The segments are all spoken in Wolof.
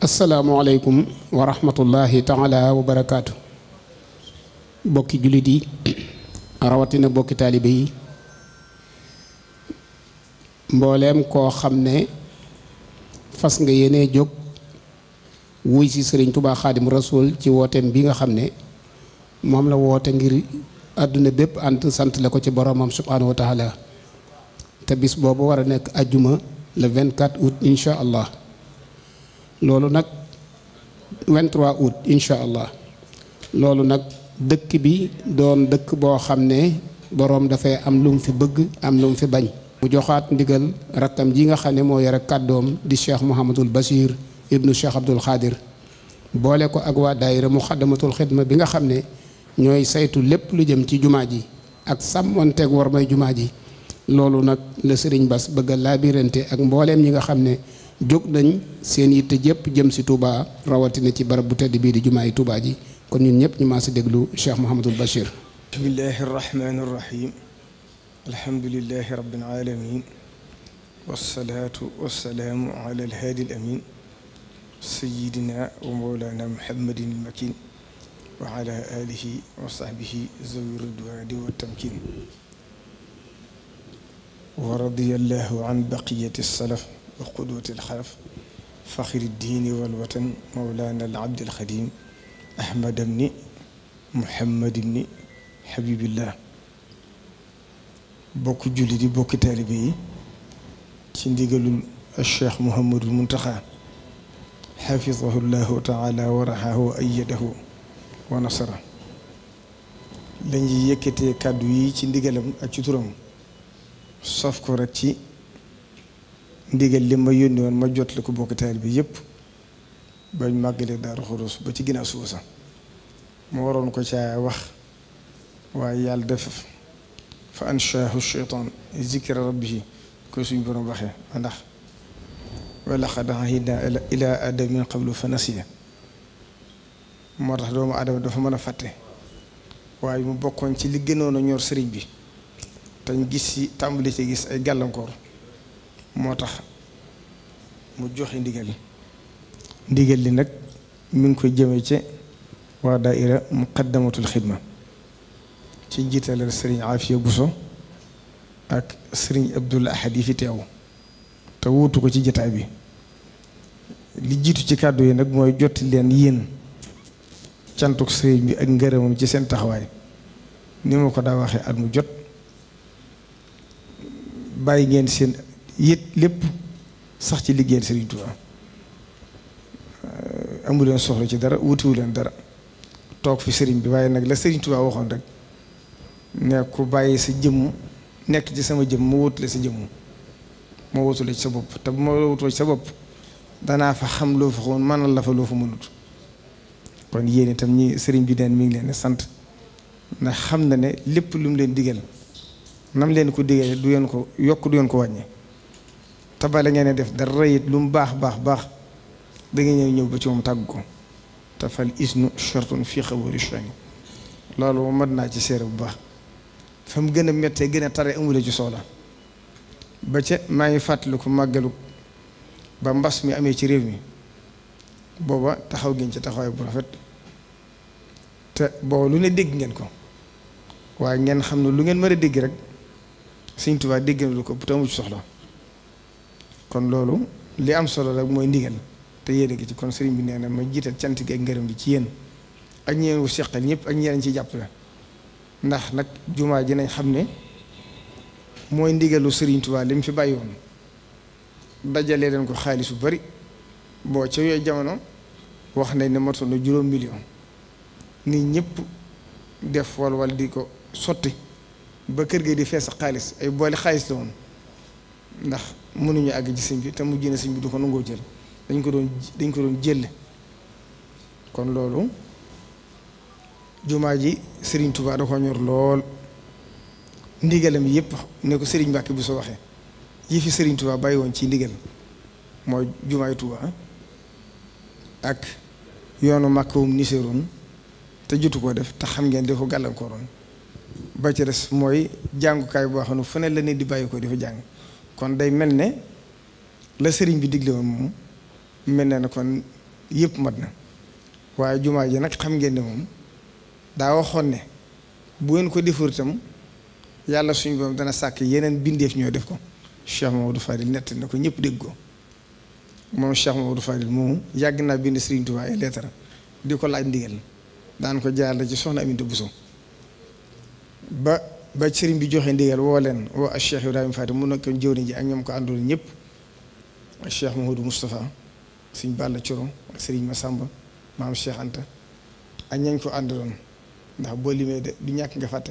asalaamualeykum wa rahmatullahi taala wa barakaatu bokki jullit yi rawatina bokki taalibe yi mbooleem koo xam ne fas nga yéene jóg wuy si sëriñ tubaa xaadim rasul ci wooteem bi nga xam ne moom la woote ngir àdduna bépp ànd sant la ko ci boromam subhaanahu wa taala te bis boobu war a nekk ajjuma le 24 août incha allah loolu nag 23 août incha allah loolu nag dëkk bi doon dëkk boo xam ne boroom dafay am lu fi bëgg am lum fi bañ. mu joxaat ndigal rakkam ji nga xam ne moo yore kàddoom di cheikh Mouhamadul Bachir ibnu cheikh Abdoul Khadir boole ko ak waa daayira Muxaddamatul Xidma bi nga xam ne ñooy saytu lépp lu jëm ci jumaa ji ak sàmmonteeg war may jumaa ji loolu nag la sëriñ Bas bëgg a laabirante ak mbooleem ñi nga xam ne. jóg nañ seen yitte jëpp jëm si Touba rawatina ci barab bu tedd bii di jumaa yi ji kon ñun ñëpp ñu maa déglu Cheikh Mouhamadul Bachir bismillahi arrahmani irrahim alhamdulilahi rabbil alamin wasalaatu wasalaamu ala alhaadi al amin sayidina wa mawlana muhammadin makin wa ala alihi wa sahbihi zawi ridwani wa tamkin wa radiallahu an baqiyati salaf wa quduuti alxaraf faxri diini walwatan mawlaana alabdi alxadim ahmad ibni muhammad ibni habibillah bokk julli di bokki taalibe yi ci ndigalul cheikh muhammadul muntaxa xafizahu llahu taala wa raxaahu wa ayadahu wa nasara lañuy kàddu yi ci ndigalam ak ci turam sof ko rek ci ndigal li ma yónni woon ma jot la ko bokk taal bi yëpp bañ màggalee Daaru Xudoos ba ci ginnaaw suba sax ma waroon ko caa wax waaye yàlla def fa anshaahu sheytaan zikra rabbihi ko suñ borom waxee ndax wa laqad ahidna ilaa aadama min qablu fa nasiya moo tax doomu aadama dafa mën a fàtte waaye mu bokkoon ci li gënoon a ñor sëriñ bi tañ gis ci tàmbali ci gis ay gàllankoor moo tax mu joxe ndigal ndigal li nag mi ngi koy jëmee ci waa daaira muqaddamatul xidma ci njiitalal sëriñ Afiya so ak sëriñ Abdul Ahad yi fi teew te wuutu ko ci jataay bi li jiitu ci kàddu yi nag mooy jotti leen yéen cantuk sëriñ bi ak ngërëmam ci seen taxawaay ni ma ko daa waxee at mu jot bàyyi ngeen seen yit lépp sax ci liggéeyal Serigne Touba euh, amu leen soxla ci dara wutiwu leen dara toog fi Serigne bi waaye nag la Serigne Touba waxoon rek ne ku bàyyi sa jëmm nekk ci sama jëmm mu wutule sa jëmm moo wutule ci sa bopp te bu ma wutule ci sa bopp danaa fa xam loo fa xamoon mënal la fa loo fa mënut kon yéen itam ñi Serigne bi neen mi ngi leen sant ndax xam na ne lépp lu mu leen digal nam leen ko digalee du yoon ko yokk du yoon ko wàññi. te bala ngeen def dara rayit lu mu baax baax baax da ngeen ñëw ba ci moom tàgg ko te fal isnu shartun fii xabari shani loolu moom mat naa ci seere bu baax fa gën a mette gën a tare amule ci soxla ba ca maa ngi fàttaliku màggalu ba mbas mi amee ci réew mi booba taxaw ngeen ci taxawaay bu rafet te booba lu ne dégg ngeen ko waaye ngeen xam ne lu ngeen mën a dégg rek Sëñ Tuubaa dégg na lu ko bu tamu ci soxla kon loolu li am solo rek mooy ndigal te yéene gi ci kon sëriñ bi nee na ma jiital cant gi ak ngërëm gi ci yéen ak ñeen wu seqal ñëpp ak ñeneen ci jàppale ndax nag jumaa ji nañ xam ne mooy ndigalu sëriñ Tuubaa li mu fi bàyyi woon dajalee leen ko xaalis bu bari boo ca yooyu jamono wax nañ ne motoon na juróom million nit ñëpp def walwal di ko sotti ba kër gi di fees xaalis ay boole xaalis la woon ndax mënuñu àgg ci sëñ bi te mu génne sëñ bi du ko nangoo jël dañ ko doon dañ ko doon jël kon loolu jumaa ji sëriñ tubaa da ko ñor lool ndigalam yëpp ne ko sëriñ Mbàkke bi soo waxee yi fi sëriñ Touba bàyyi woon ci ndigal mooy jumaay Touba ak yoonu màkkawum niseroon te jotu koo def te xam ngeen di ko gàllankooroon ba ci des mooy jàngukaay boo xam ne fu ne la nit di bàyyi ko di fa jàng kon day mel ne la sëriñ bi digle woon moom mel ne na kon yëpp mat na waaye jumaa ji nag xam ngeen ne moom daa waxoon ne bu ngeen ko defur itam yàlla suñu borom dana sàkk yeneen bindeef ñoo def ko Cheikh Mamadou Fadil nett na ko ñëpp dégg ko moom Cheikh Mamadou Fadil moomu yàgg naa bind Serigne Touba ay di ko laaj ndigal daan ko jaarale ci soxna Aminata Bousso ba. ba sëriñ bi joxe ndigal woo leen woo ak Cheikh Ibrahima Faty mu nekkoon jëwriñ ji ak ñoom ko àndoon ñëpp ak Cheikh Mouhamadou Moustapha sëriñ Balla Coro ak sëriñ Massamba maam Cheikh Anta ak ñañ ko àndaloon boo limee de du ñàkk nga fàtte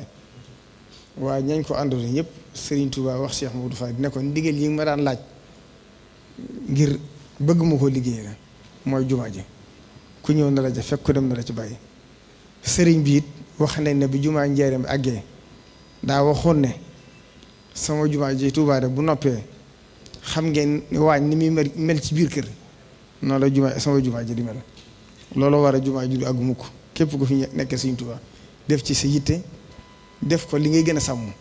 waaye ñañ ko àndoon ñëpp sëriñ Touba wax Cheikh Mouhamadou Faty ne ko ndigal yi ma daan laaj ngir bëgg ma koo liggéey la mooy jumaa ji ku ñëw na la ja fekk ku dem na la ci bàyyi sëriñ bi it wax nañ ne bi jumaa njaareem àggee daa waxoon ne sama jumaa ji Tuubaa de bu noppee xam ngeen ne waañ ni muy mel ci biir kër noonu la jumaa sama jumaa ji di mel loolu war a jumaa ji du àgg mukk képp ko fi nekkee Sëriñ Tuubaa def ci sa yitte def ko li ngay gën a sàmm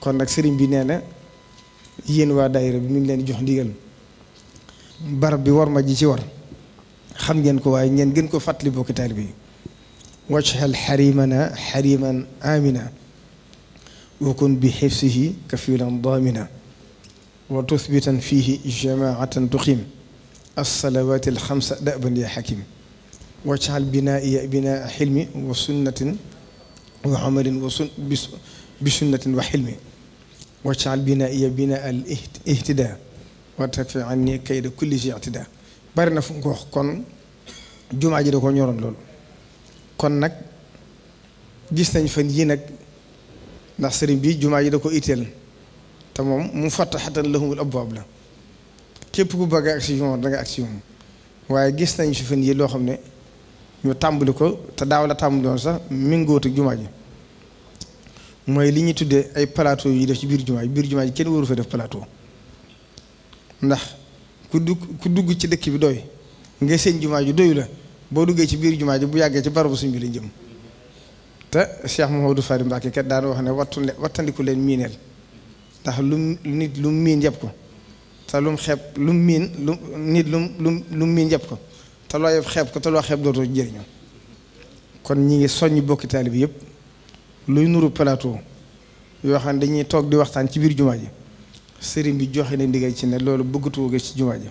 kon nag sëriñ bi nee na yéen waa daayira bi mi ngi leen jox ndigal barab bi war ma ji ci war xam ngeen ko waaye ngeen gën ko fàttali bokki taalibe bi wajhal xarimana xariman amina wakun bi xifsihi kafilan daamina wa tusbitan fihi jamaatan tuqim alsalawat alxamsa daban ya xakim wajal binaaiya binaa xilmi wa sunnatin wa amalin wa sun bi sunnatin wa xilmi wajal binaaiya binaa al ihtida wa takfi anni kayda kulli si ihtida bari na fu ko wax kon jumaa ji da ko ñoroon loolu kon nag gis nañ fan yii nag ndax sëriñ bii jumaa ji da ko itteel te moom mu fattaxatan lahumul abwaab la képp ku bëgg ak si moom da nga ak si moom waaye gis nañ si fan yi loo xam ne ñu tàmbali ko te daaw la tàmbali woon sax méngóotu jumaa ji mooy li ñuy tuddee ay plateau yu def ci biir jumaa ji biir jumaa ji kenn waru fa def plateau ndax ku dugg ku dugg ci dëkk bi doy nga seen jumaa ju doyu la boo duggee ci biir jumaa ji bu yàggee ci barabu suñ bi lañ jëm te Cheikh Mouhamadou Fadi Mbacke kat daan wax ne wattu wattandiku leen miineel ndax lu nit lu miin yëpp ko te lu mu xeeb lu mu miin lu nit lu lu lu miin yëpp ko te loo yëpp xeeb ko te loo xeeb dootoo jëriñoo kon ñi ngi soññ bokki taalibe yëpp luy nuru palaatoo yoo xam ne dañuy toog di waxtaan ci biir jumaa ji sëriñ bi joxe na ndigal ci ne loolu bëggatuwoo ko ci jumaa ji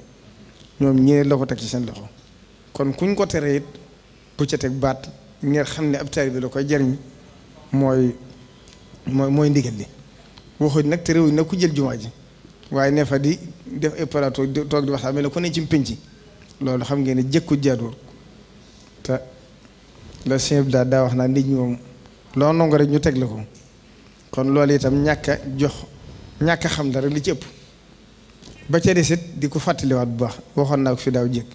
ñoom ñeneen la ko teg ci seen loxo kon kuñ ko teree it bu ca teg baat. ngir xam ne ab bi la koy jariñ mooy mooy mooy ndigal li waxuñ nag te réew nag ku jël jumaa ji waaye ne fa di def ay plateau toog di waxtaan mel ne ko ne ci pénc loolu xam ngeen ne jëkku jaaduwul te la sëñ daa wax naa nit ñi moom loo nongo rek ñu teg la ko kon loolu itam ñàkk a jox ñàkk a xam dara li ci ëpp ba ca desit di ko fàttaliwaat bu baax waxoon naa ko fi daaw jëkk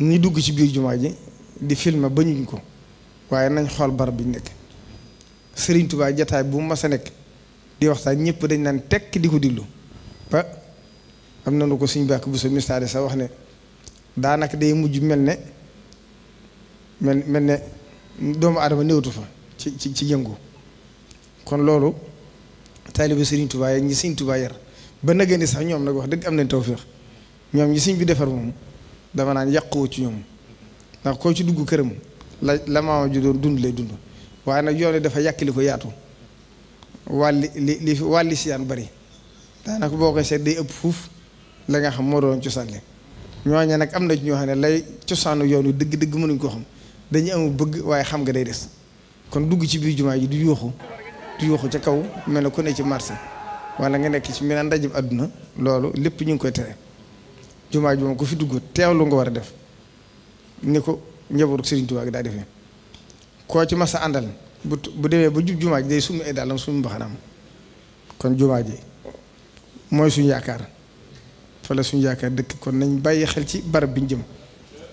ñu dugg ci biir jumaa ji di ma filmer ñu ko waaye nañ xool barab bi nekk Serigne Touba jataay bu mu mas nekk di wax waxtaan ñëpp dañ naan tekk di ko diglu ba am na nu ko suñu bàkk bu sa mistaade sax wax ne daanaka day mujj mel ne mel mel ne doomu aadama néewtu fa ci ci ci yëngu kon loolu taalibe Serigne Touba yi ñi Serigne Touba yar ba nagandi sax ñoom nag wax dëgg am nañ tawféex ñoom ñi Serigne bi defar moom dama naan yàquwu ci ñoom. ndax koo ci duggu këram la la maama ju doon dund lay dund waaye nag yoon dafa yàkkili ko yaatu wàlli li li wàlli siyaan bari daanaka boo koy seet day ëpp fuuf la nga xam moo doon cosaan li ñooñu nag am na ci ñoo xam ne lay cosaanu yoonu dëgg-dëgg mënuñ koo xam dañu amul bëgg waaye xam nga day des kon dugg ci biir jumaa ji du yuuxu du yooxu ca kaw mel na ku ne ci marché wala nga nekk ci mi ndaje ndajib àdduna loolu lépp ñu ngi koy tere jumaa ji moom ku fi dugg teewlu nga war a def ni ko njabootu Serigne Touba gi daa defee koo ci masa àndal bu bu demee bu jub jumaa ji day summi ay dàllam summi mbaxanaam kon jumaa ji mooy suñ yaakaar fa suñ suñu yaakaar dëkk kon nañ bàyyi xel ci barab bi ñu jëm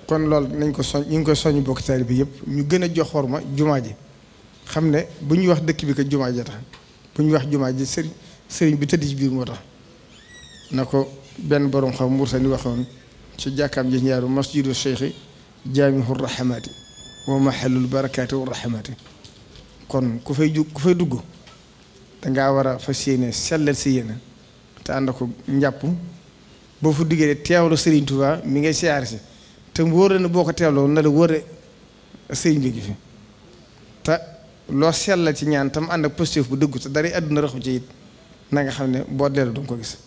kon loolu nañ ko soñ ñu ngi koy soññ bokk taalibe bi yëpp ñu gën a jox ma jumaa ji xam ne bu ñuy wax dëkk bi ko jumaa ji tax bu ñuy wax jumaa ji sëriñ sëriñ bi tëdd ci biir moo tax na ko benn borom xam mursa ni waxoon ci jàkkaam ji ñaaru masjidu cheikhi jaamihu rahamaati wa mahallul barakaati wa rahamaati kon ku fay ju ku fay dugg dangaa war a fas yéene sellal si yéene te ànd ko njàpp boo fa duggee teewlu Serigne Touba mi ngay siyaar te mu wóor ne boo ko teewloo na la wóor sëriñ fi te loo sellal ci ñaan ànd ak positif bu dëggu te dara àdduna raxu ci it nanga xam ne boo dellu du nga ko gis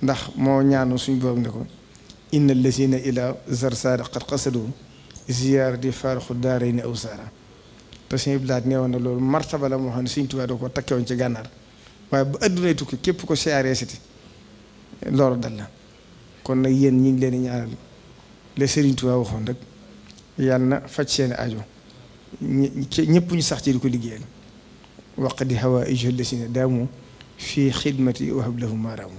ndax moo ñaanu suñu borom ne ko inna allazina ila zarsara qad qasadu ziyaar di faaraxu daara ni aw saara te suñu bilaat nee woon na loolu martaba la moo xam ne suñ tubaab doo ko takkewoon ci gànnaar waaye bu addunay tukki képp ko siyaaree siti loolu dal la kon nag yéen ñi ngi leen di ñaanal le Serigne waxoon rek yàlla na faj seen ajo ñëpp ñu sax ci di ko liggéeyal waqdi hawa ijollesina daamu fii xidmati wahab lahu maaraamu